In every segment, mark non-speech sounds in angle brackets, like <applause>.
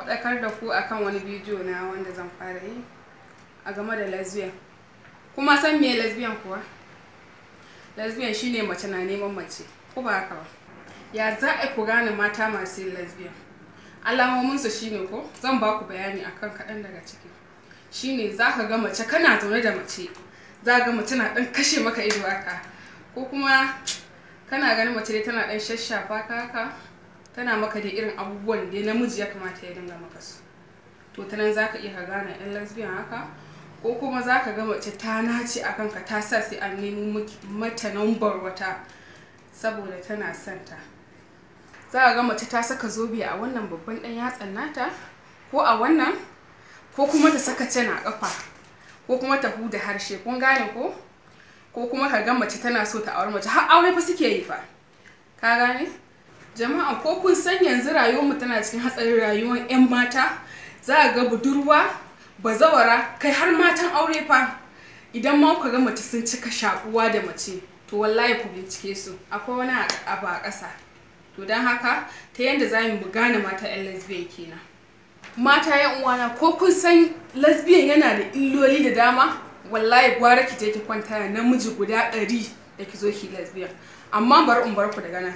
faɗakar da ku akan wani bidiyo na wanda zan fara yi a game da lesbian kuma san me lesbian kuwa lesbian shine mace na neman mace ko ba haka ba ya za a ku gane mata masu yin lesbian alamomin su shine ko zan ba ku bayani akan kaɗan daga ciki shine za ka ga mace kana zaune da mace za ga mace na ɗan kashe maka ido haka ko kuma kana ganin mace tana ɗan shashafa ka haka tana maka da irin abubuwan da namiji ya kamata ya dinga maka su to ta nan za ka iya ka gane yan lesbian haka ko kuma za ka ga mace ta nace a kanka ta sa sai an nemi mata nambar wata saboda tana son za ka ga mace ta saka zobe a wannan babban ɗan yatsan nata ko a wannan ko kuma ta saka cana a kafa ko kuma ta huda harshe kun gane ko ko kuma ka ga mace tana so ta aure mace har aure fa suke yi fa ka gane jama'a ko kun san yanzu rayuwarmu tana cikin hatsarin rayuwar 'yan mata za a ga budurwa bazawara kai har matan aure fa idan ma ku ga mace sun cika shakuwa da mace to wallahi ku bincike su akwai wani abu a ƙasa to don haka ta yadda za mu gane mata 'yan lesbian kenan mata 'yan uwana ko kun san lesbian yana da illoli da dama wallahi gwara ki je ki kwanta namiji guda ɗari da ki zo ki lesbian amma bari in bar ku daga nan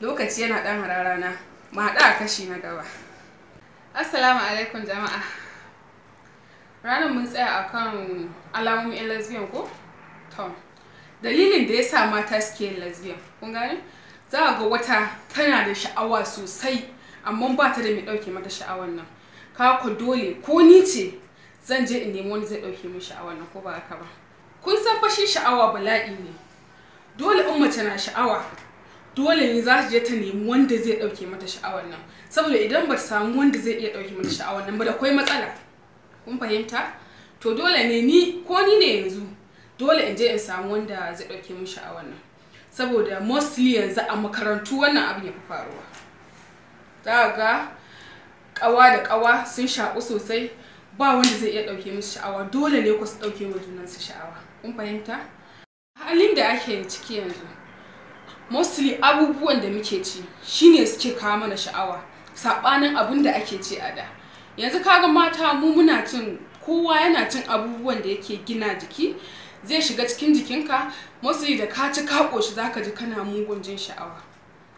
lokaci yana ɗan hararana ma hada a kashi na gaba assalamu alaikum jama'a ranar mun tsaya akan alamomi 'yan lesbian ko? tom dalilin da ya sa mata suke yin lesbian kun gane za ga wata tana da sha'awa sosai amma ba ta da mai ɗauke mata sha'awar nan kako dole ko ni ce zan je in nemi wani zai ɗauke mu sha'awar nan ko ba haka ba kun san fashi sha'awa bala'i ne dole in mace na sha'awa dole ne za ta je ta nemi wanda zai ɗauke mata sha'awar nan saboda idan ba samu wanda zai iya dauke mata sha'awar nan ba da kwai matsala kun fahimta to dole ne ni ko ni ne yanzu dole in je in samu wanda zai ɗauke min sha'awar nan saboda mostly yanzu a makarantu wannan abin ya fi faruwa za ga kawa da kawa sun shaƙu sosai ba wanda zai iya ɗauke musu sha'awa dole ne ku su ɗauke wa junansu sha'awa kun fahimta halin da ake ciki yanzu mostly abubuwan da muke ci shine suke kawo mana sha'awa saɓanin abin da ake ci a da yanzu kaga mata mu muna cin kowa yana cin abubuwan da yake gina jiki zai shiga cikin jikinka mostly da ka ci ka koshi zaka ji kana mugun jin sha'awa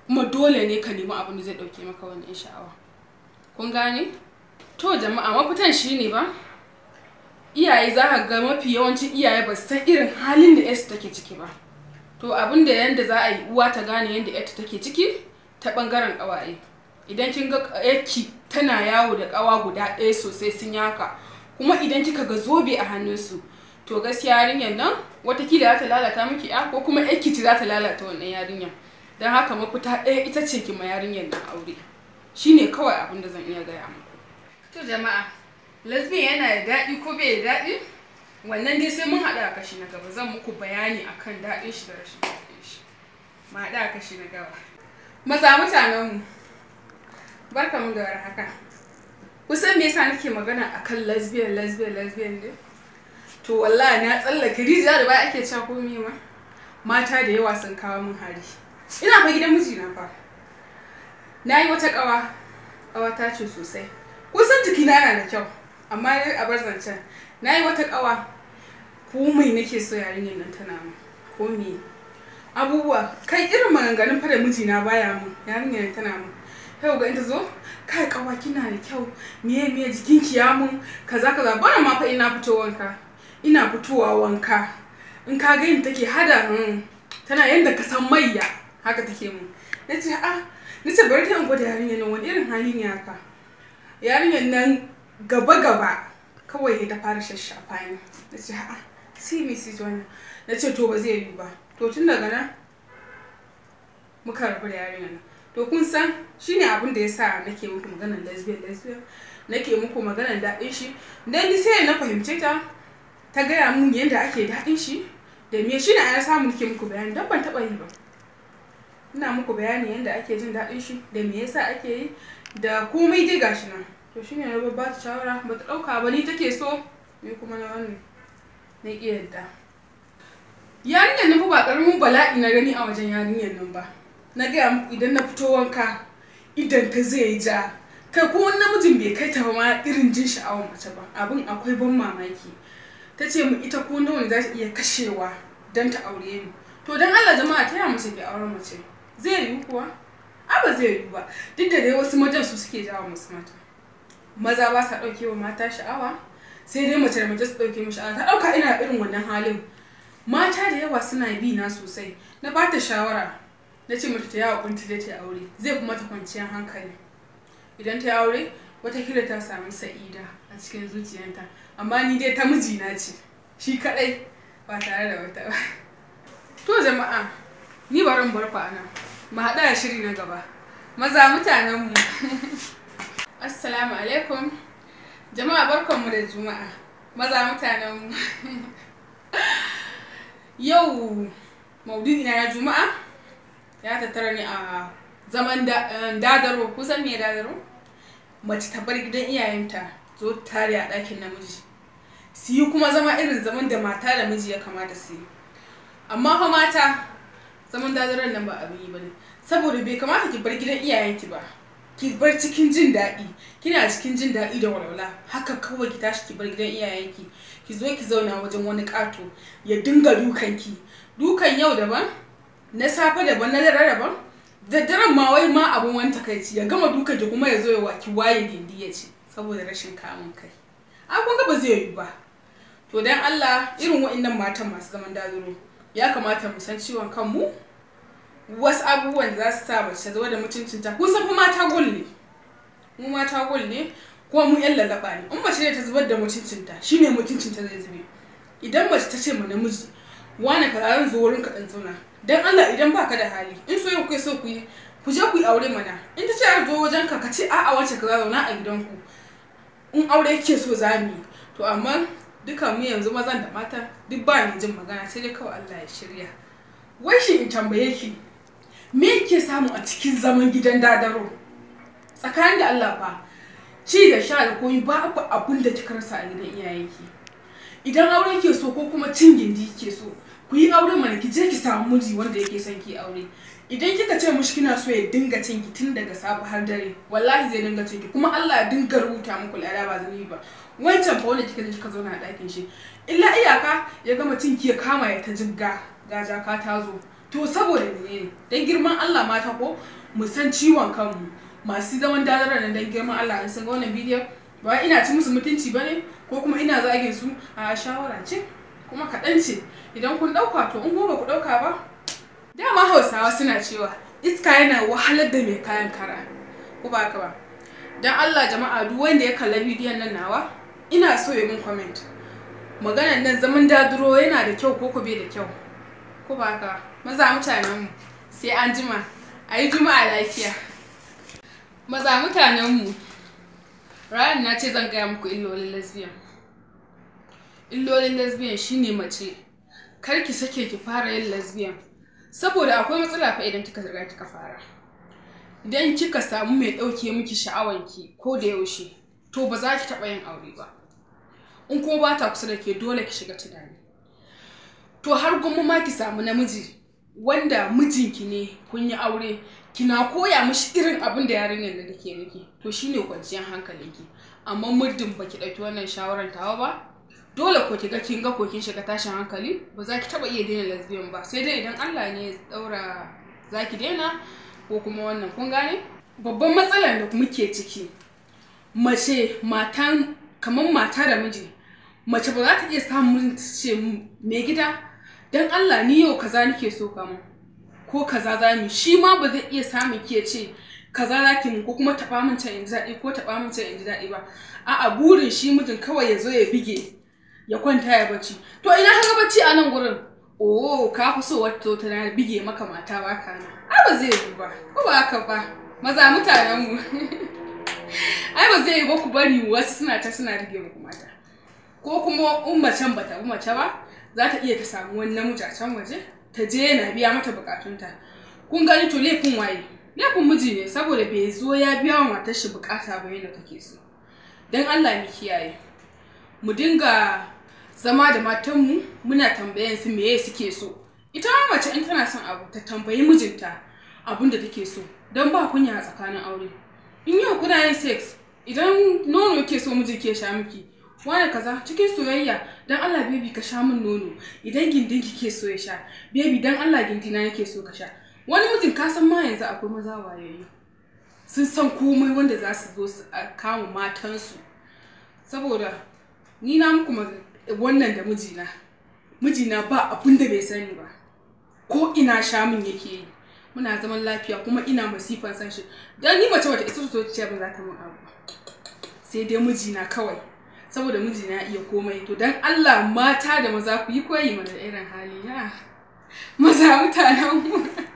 kuma dole ne ka nemi abin da zai ɗauke maka wannan sha'awa kun gane to jama'a mafitan shine ba iyaye za ka ga mafi yawancin iyaye ba san irin halin da yasu take ciki ba to abin da yanda za a yi uwa ta gane yanda yarta take ciki ta bangaren kawaye idan kin ga yaki tana yawo da kawa guda ɗaya sosai sun yaka kuma idan kika ga zobe a hannunsu to gaskiya yarinyar nan watakila za ta lalata miki ya ko kuma yaki ce za ta lalata wannan yarinyar don haka mafita ɗaya ita ce ki ma yarinyar nan aure shine kawai abin da zan iya gaya muku to jama'a lesbian yana da daɗi ko bai da daɗi wannan dai sai mun haɗu a kashi na gaba zan muku bayani akan daɗin shi da rashin daɗin shi mu haɗu a kashi na gaba maza mutanenmu barka mu da warhaka kusan me yasa nake magana akan lesbian lesbian lesbian ne to wallahi na tsallake rijiya da baya ake cewa komai ma mata da yawa sun kawo min hari ina fa gidan mijina fa na yi wata ƙawa ƙawa ta ce sosai kusan jikina yana da kyau amma a bar zancen na yi wata kawa ko mai nake so yarinyar nan tana mu ko me abubuwa kai irin maganganun fara mijina baya mu yarinyar nan tana mu yau ga inda zo kai kawa kina da kyau miye miye jikinki ya mun kaza kaza bana ma fa ina fito wanka ina fitowa wanka in ka ga yin take hada hmm, tana yadda ka san mayya haka take mu na ce a ah. na bari ta in gwada yarinyar nan wani irin halin ya ka yarinyar nan gaba gaba kawai ta fara shashafa ni na ce ha'a sai mrs wannan na ce to ba zai yi ba to tun daga nan muka rabu da yarinya nan to kun san shine abin da yasa nake muku maganar lesbian lesbian nake muku maganar daɗin shi dan sai na fahimce ta ta gaya mun yadda ake daɗin shi da me shine a samu nake muku bayani dan ban taɓa yi ba ina muku bayani yadda ake jin daɗin shi da me yasa ake yi da komai dai gashi nan to shine na ba ta shawara ba ta ɗauka ba ni take so ni kuma na wannan na iya yadda yarinyar nan ba karamin bala'i na gani a wajen yarinyar nan ba na gaya muku idan na fito wanka idan ka zai ja kai ko wani namijin bai kai ta ma irin jin sha'awar mace ba abin akwai ban mamaki ta ce mu ita ko nawa za ta iya kashewa don ta aure ni to don allah jama'a ta yaya mace ke auren mace zai yiwu kuwa a ba zai yiwu ba duk da dai wasu majan su suke jawo musu mata maza ba sa ɗauke wa mata sha'awa sai dai mace da mace su ɗauke mu sha'awa ta ɗauka ina irin wannan halin mata da yawa suna bi na sosai na ba ta shawara na ce mata ta yawa kunta ta ta aure zai kuma ta kwanciyar hankali idan ta aure wata kila ta samu sa'ida a cikin zuciyarta amma ni dai ta mijina ce shi kaɗai ba tare da wata ba to jama'a ni barin barku a nan mu shiri na gaba maza mutanenmu <laughs> Assalamu alaikum jama'a mu da juma'a maza mu. <laughs> yau maudu'i na juma'a ya tattara ne a zaman eh, dadaro kusan me dadaro mace ta bar gidan iyayenta zo tare a ɗakin namiji su yi kuma zama irin zaman da mata da miji ya kamata su yi amma fa mata zaman dadaron nan ba abin yi ba ne saboda bai kamata ki bar gidan iyayenki ba ki bar cikin jin daɗi kina cikin jin daɗi da walwala haka kawai ki tashi ki bar gidan iyayenki ki zo ki zauna wajen wani ƙato ya dinga dukan ki dukan yau daban na safe daban na dare daban daddaren ma wai ma abun wani takaici ya gama dukan ki kuma ya zo ya waki waye gindi ya ce saboda rashin kamun kai a kun ba zai yi ba to dan Allah irin waɗannan matan masu zaman dazuro ya kamata mu san ciwon kanmu wasu abubuwan za su sa mace ta zo da mutuncinta kun san mata gul ne mu mata gul ne kuma mu yan lalaba ne in mace ne ta zubar da mutuncinta shine mutuncinta zai zube idan mace ta ce ma namiji wani ka zo wurin ka dan zauna dan Allah idan baka da hali in so yau kai so ku yi ku je ku yi aure mana in ta ce a zo wajen ka ka ce a'a wace ka zauna a gidan ku? in aure ke so za mu yi to amma dukan mu yanzu mazan da mata duk ba ni jin magana sai dai kawai Allah ya shirya wai shi in tambaye ki me yake samu a cikin zaman gidan dadaro tsakanin da Allah fa ci da sha da koyi babu abun da kika rasa a gidan iyayenki idan aure ke so ko kuma cin gindi ke so ku yi aure mana ki je ki samu miji wanda yake son ki aure idan kika ce mushi kina so ya dinga cin ki tun daga safe har dare wallahi zai dinga cin ki kuma Allah ya dinga rubuta muku lada ba zan yi ba wancan fa wanda kika je kika zauna a ɗakin shi illa iyaka ya gama cin ki ya kama ya ta jigga gaja ka tazo. zo to saboda ne dan girman Allah mata ko mu san ciwon kanmu masu zaman dadara nan dan girman Allah an san ga wannan bidiyon ba ina ci musu mutunci bane ko kuma ina zage su a shawara ce kuma kaɗan ce idan kun ɗauka to in goma ku ɗauka ba dama hausawa suna cewa iska yana wahalar da mai kayan kara ko ba ka ba don allah jama'a duk wanda ya kalla bidiyon nan nawa ina so ya min comment maganan nan zaman daduro yana da kyau ko ko bai da kyau ko ba ka maza mutanenmu sai an jima a yi juma'a lafiya maza mutanenmu ra'ayin na ce zan gaya muku illolin lesbian illolin lesbian shine mace kar ki sake ki fara yin lesbian saboda akwai matsala fa idan kika riga kika fara idan kika samu mai ɗauke miki sha'awanki ko da yaushe to ba za ki taɓa yin aure ba in ko ba ta kusa da ke dole ki shiga tunani to har goma ma ki samu namiji wanda mijinki ne kun yi aure kina koya mishi irin abin da yarinyar da take miki to shine kwanciyar hankalinki amma muddin baki ɗauki wannan shawarar tawa ba dole ko ga kin ga kokin shiga tashin hankali ba za ki taba iya daina lesbian ba sai dai idan Allah ne ya daura za ki daina ko kuma wannan kun gane babban matsalar da muke ciki mace mata kamar mata da miji mace ba za ta iya samun ce mai gida don Allah ni yau kaza nake so kama ko kaza za mu shi ma ba zai iya samun ke ce kaza za ki mun ko kuma taɓa min can in daɗi ko taɓa min can in daɗi ba a'a burin shi mijin kawai ya zo ya bige ya kwanta ya bacci to ina ka bacci a nan gurin oh ka fi so wata ta na bige maka mata ba ka na ai ba zai yi ba ko ba haka ba maza mutanen mu <laughs> ai ba zai yi ba ku bari wasu suna ta suna rige muku mata ko kuma in macen ba ta bi mace ba za ta iya ta samu wani namiji a can waje ta je yana biya mata bukatunta kun gani to laifin waye laifin miji ne saboda bai zo ya biya wa matar shi bukata ba yadda take so dan Allah mu kiyaye mu dinga zama da matanmu muna tambayan su meye suke so ita ma mace in tana son abu ta tambayi mijinta abin da take so don ba kunya a tsakanin aure in yau kuna yin sex idan nono ke so miji ke sha miki wani kaza cikin soyayya dan Allah baby ka sha min nono idan gindin kike so ya sha baby dan Allah gindina yake so ka sha wani mutum ka san ma yanzu akwai maza wayoyi sun san komai wanda za su zo su kama matansu saboda ni na muku wannan da mijina mijina ba abin da bai sani ba ko ina sha min yake yi muna zaman lafiya kuma ina masifan san shi dan ni mace wata isa so ta ce ban za ta mun abu sai dai mijina kawai saboda miji na iya komai to dan Allah mata da maza ku yi koyi mana irin hali na maza mutanen mu